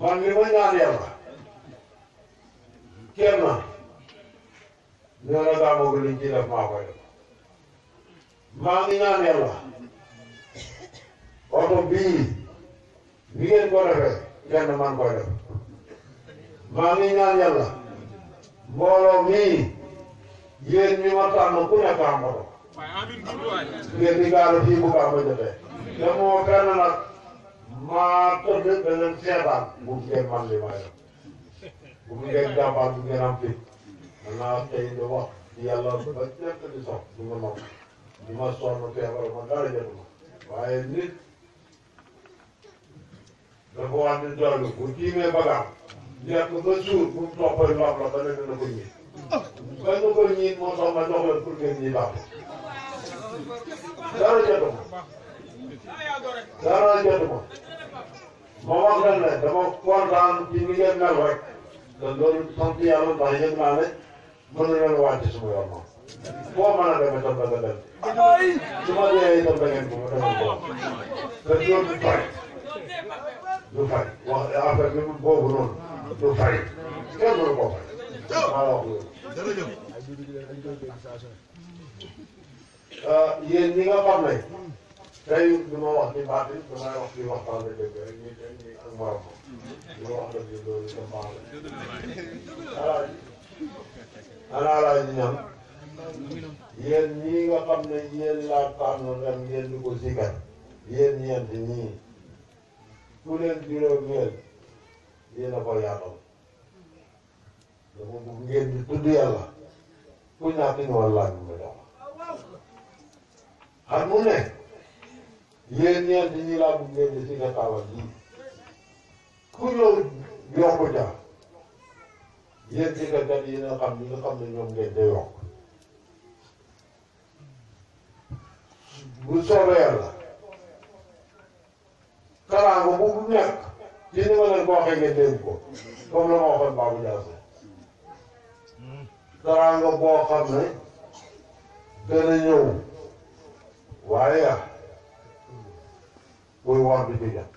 man li ma ñaan yàlla kenn nee na gàmmu gi liñ ci def maa koy def maa ngi ñaan yàlla oto bii bi ngeen ko defee man koy def maa ngi ñaan yàlla mbooloo mii yéen ma tànn ku nekk am oto ngeen di gaalu fii bu gàmmu jotee te moo maa toog rek da leen bu mu ngeen man li ma bu mu ngeen jàmbaar bu ngeen am fit danaa tey di wax yàlla ba ñett di sox du ma nopp du ma sonn feebar ma dara jotuma waaye nit dafa wax ni doylu bu tiimee bagaam lekk ba suur bu mu toppal ndox la ba ne dina ko ñii ba nga ko ñii moo tax ma jox leen pour ngeen ñii baax dara jotuma dara jotuma ma wax leen ne dama kontaan ci ni ngeen mel rek te loolu sant yàlla ndax yëg naa ne mën na leen wàcc suma yoon moom foo mën a demee tam da nga dem su ma dee itam da ngeen ko da ngeen ko wax te loolu du fay du fay wax affaire bi boobu noonu du fay kenn mënu koo fay maa la wax loolu ah, yéen ñi nga xam ne tey li ma wax ni baati damay wax ci waxtaan bi dëgg rek ñuy dem ñuy ak morom li ma wax dëgg loolu itam baax la alaaji ana alaaji ñam yéen ñii nga xam ne yéen laa tànn ren ngeen di ko sigal yéen ñeent ñii ku leen juróomeel yéen a ko yaatal dama bëgg ngeen di tudd yàlla ku ñàkk ñu war laaj mu dox xam mu ne yéen ñeent ñi laa bëgg ngeen di ci nga taawal yii ku ñëw yokku jaar yéen ci nga gan yi nga xam ñi nga xam ne ñoom ngeen di yokk bu soobee yàlla bu mu nekk ci ni ma leen ko waxee ngeen dégg ko comme la ma waxoon Babou Diassé kalaango boo xam ne dana ñëw waaye buy war du ci jot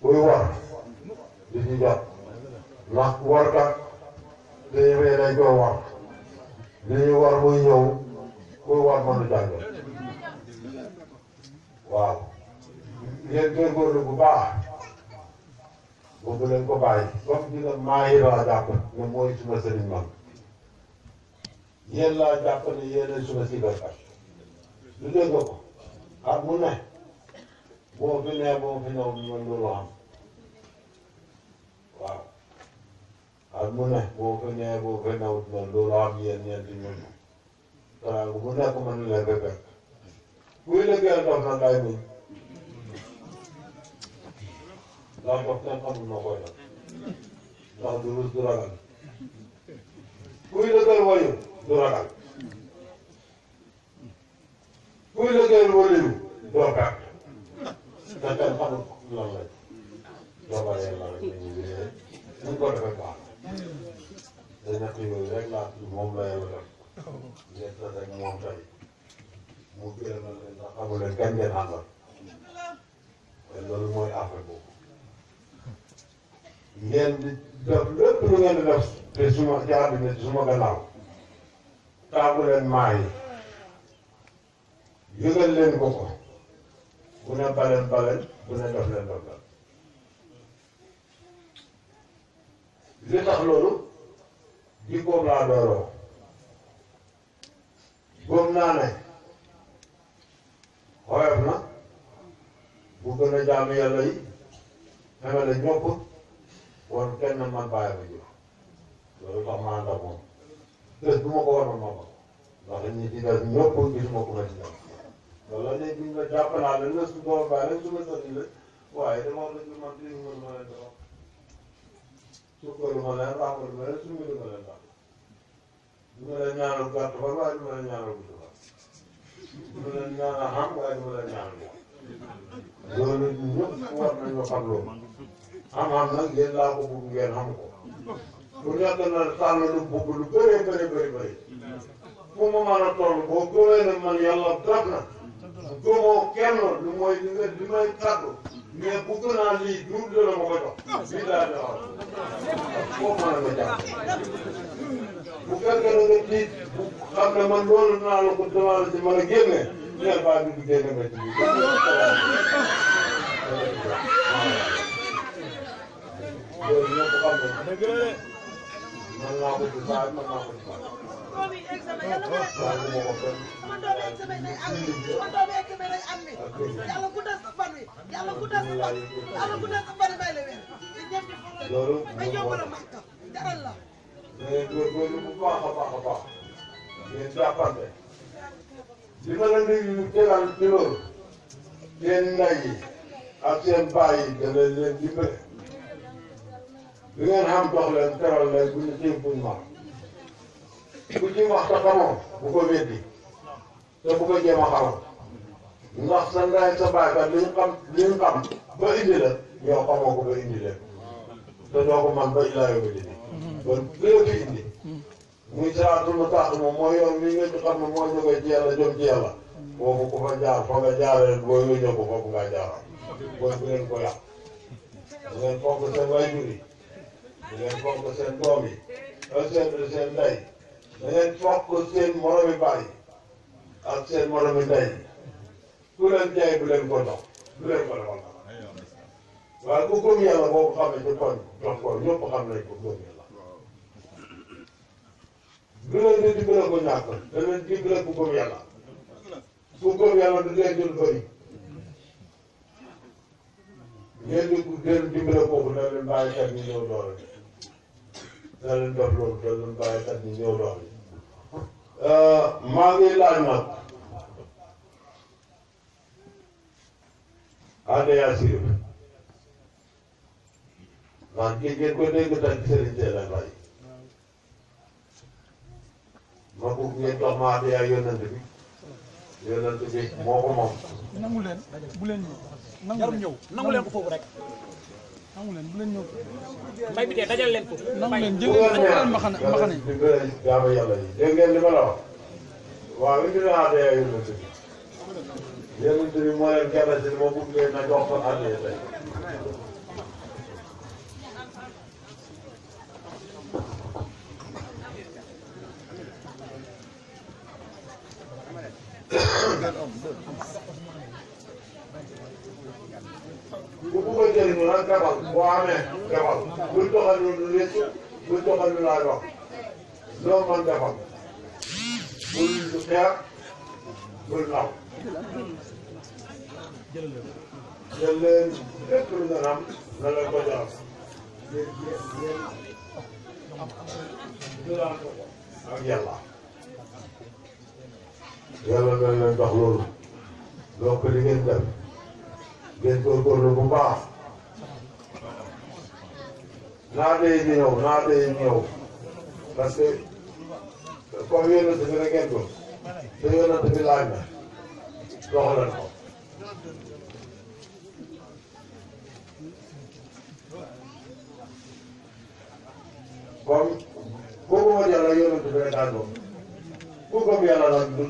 buy war du ci jot ndax warkat day wee dañ koy war li ñuy war muy ñëw kuy war mën du jàng waaw ngeen góorgóorlu bu baax boobu leen ko bàyyi comme ni nga maa yi laa jàpp ne mooy suma sëriñ man yéen laa jàpp ne yéen suma siibarkat lu dégg ko at mu ne boo fi nee boo fi man loolu am waaw at mu ne boo fi nee boo fi ñëw man loolu am yéen ñeenti ñun daraa ko bu nekk mën na leen fekk kuy liggéeyal ndox nag day muñ ndax ndox kenn xamul noo koy def ndax du rus du ragal kuy liggéeyal wayu du ragal. kuy liggéeyal wëlewu doo perte ndax kenn xamul lan lañ doo bàyyi yàlla rek nañu liggéey buñ ko defee baax na te ñett yooyu rek laa moom la yàlla def ñett rek moom tey mu gërëm na leen ndax xamu leen kañ ngeen àndal te loolu mooy affaire boobu ngeen di def lépp lu ngeen di def te suma jaar bi ne suma gannaaw taamu leen maa yi yëgal leen ko ko bu ne baleen baleen bu ne dof leen dof leen li tax loolu jikkoom laa dooroo góom naa bu gën a jaamu yàlla yi xeme la ñokk woon kenn man bàyyi ma jur loolu tax ma ànd ak moom bés bu ma ko waroon ma ko ndax dañuy ci def wala léegi ñu nga jàpp naa la su boobaa rek su ma sotti la waaye dama war a jël man dégg nga lu ma leen doon sukkand lu ma leen baax lu ma leen suñu lu ma leen baax du ma leen ñaanal gàtt ba waaye du ma leen ñaanal gudd ba du ma leen ñaanal xam waaye du ma leen ñaanal loolu ñëpp war nañoo xam loolu xam-xam nag yéen laa ko bëgg ngeen xam ko bu nekk na tàll lu bëgg lu bëree bëri bëri bëri fu mu mën a toll boo gëmee ne man yàlla dab na. góoboo kenn lu mooy li nga li may tàggu. mais bu gën a lii duul dana ma koy jox. lii daal di wax foofu mën na ma jàpp. bu fekkee ne nga tiit bu xam ne man loolu naa la ko damaa la ci mën a génne. nee baa bi du génne nga ci biir. loolu ñoo ko xam ne. mën naa ko ci baax mën naa ko ci baax. doomi examen yàlla ma sama doomi examen day am ni sama doomi examen day am ni yàlla ku des fan wi yàlla ku des fan yàlla ku des fan may la wér di ñëpp di fa may yóbbu la màkka jaral la góorgóorlu bu baax a baax a baax ngeen jàppante li ma la nuyu tegal ci loolu seen ndey yi ak seen baay yi dana leen dimbale du ngeen xam dox leen teral lay bu ñu téye buñ mar ku ci wax te bu ko weddi te bu ko jéem a xamal ndax sa ndaay sa baaykat ba indi la ñoo xamoo ba indi te doo man ba illaa yow indi kon léegi fi indi muy siraatul mustaqiim moom mooy yoon mi nga xam ne moo jógee ci yàlla jëm ci yàlla foofu jaar fa nga jaaree booy wéññoo ko foofu ngaa jaaral kon bu bu leen fonk seen waajur yi bu leen fonk seen doom yi ak seen seen ndey da ngeen bokk seen moromi baay ak seen moromi ndey ku leen jaay bu leen ko jox bu leen ko defal waaye ku gëm yàlla boo ko xamee ci tooñ jox ko ñëpp xam nañ ko gëm yàlla lu leen di dimbale ko ñàkk da leen dimbale ku gëm yàlla ku gëm yàlla du leen jël bëri ngeen di leen dimbale kooku na leen bàyyi xel ñu ñëw doole dana leen dox loolu dana leen bàyyi kat ñu ñëw dox li euh, maa ngi laaj nag Ada Yassir ndax gis ngeen ko dégg ma bëgg ngeen ma Ada Yaay yónnante bi bi moo ko moom. nangu leen bu leen ñëw nangu leen ko amu leen bu leen ñëw. mbay bi de leen ko. nangu leen jël leen jël leen mbaxana mbaxana yi. dégg nga yi dégg ngeen li ma la wax. waaw li ñu doon aatee leen bu bëgg a jëriñu nag defal boo amee defal buñ doxal lu lu rëcc buñ doxal lu laay wax loo mën defal bul xeex bul naw jël leen lépp lu nga xam na leen ko jox ak yàlla yàlla na leen dox loolu donc li ngeen def ngeen góorgóorlu bu baax naata yi di ñëw naata yi ñëw parce que comme yónnante bi rek ngeen ko te yónnante bi laaj na dox leen ko comme kooku woon yàlla yónnante bi rek laaj ko ku gëm yàlla nag du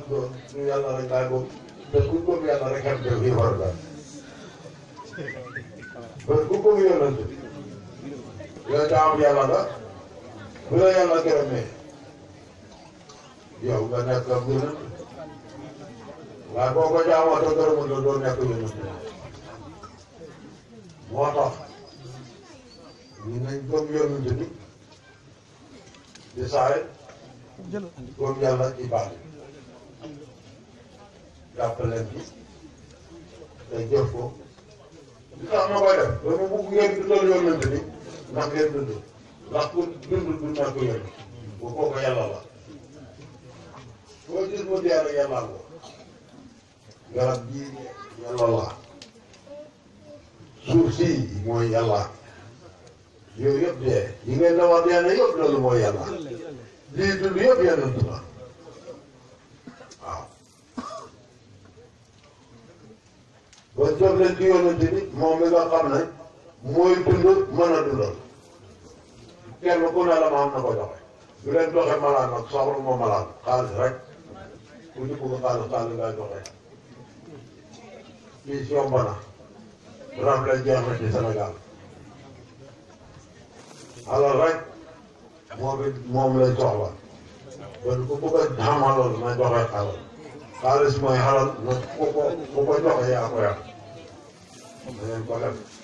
du yàlla rek laaj ko te ku gëm yàlla rek xam nga lii war la kon ku bëgg yonent yow taamu yàlla nga bu la yàlla gërëmee yow nga nekk ab yonent waaye boo ko jaamoo te gërëmul la doo nekk yonent moo tax ñu nañ gëm yonent bi di saay gëm yàlla ci baax jàpp leen ci te jëf ko li tax ma koy def dafa bëgg ngeen dundal yonent bi ndax ngeen dund ndax pour dundul bu ñu naan ko yonent bu kooku yàlla la koo gis mu dee rek yàlla ko garab bii yàlla la suuf si mooy yàlla yooyu yëpp dee yi ngeen di wax dee na yëpp loolu mooy yàlla lii dund yëpp yonent la jox leen ci yonent bi moom mi nga xam ne mooy dund mën a dundal kenn ku ne la ma am na ko joxe du leen joxe malaan nag soxla moo malaan xaalis rek ku ñu bëgg xaalis xaalis ngaa joxe fii yomb na ramle jeex na ci Sénégal alors rek moom it moom lay soxla kon ku bëgg a xamalal na joxe xalal xaalis mooy xalal na ku joxe yaa ko wala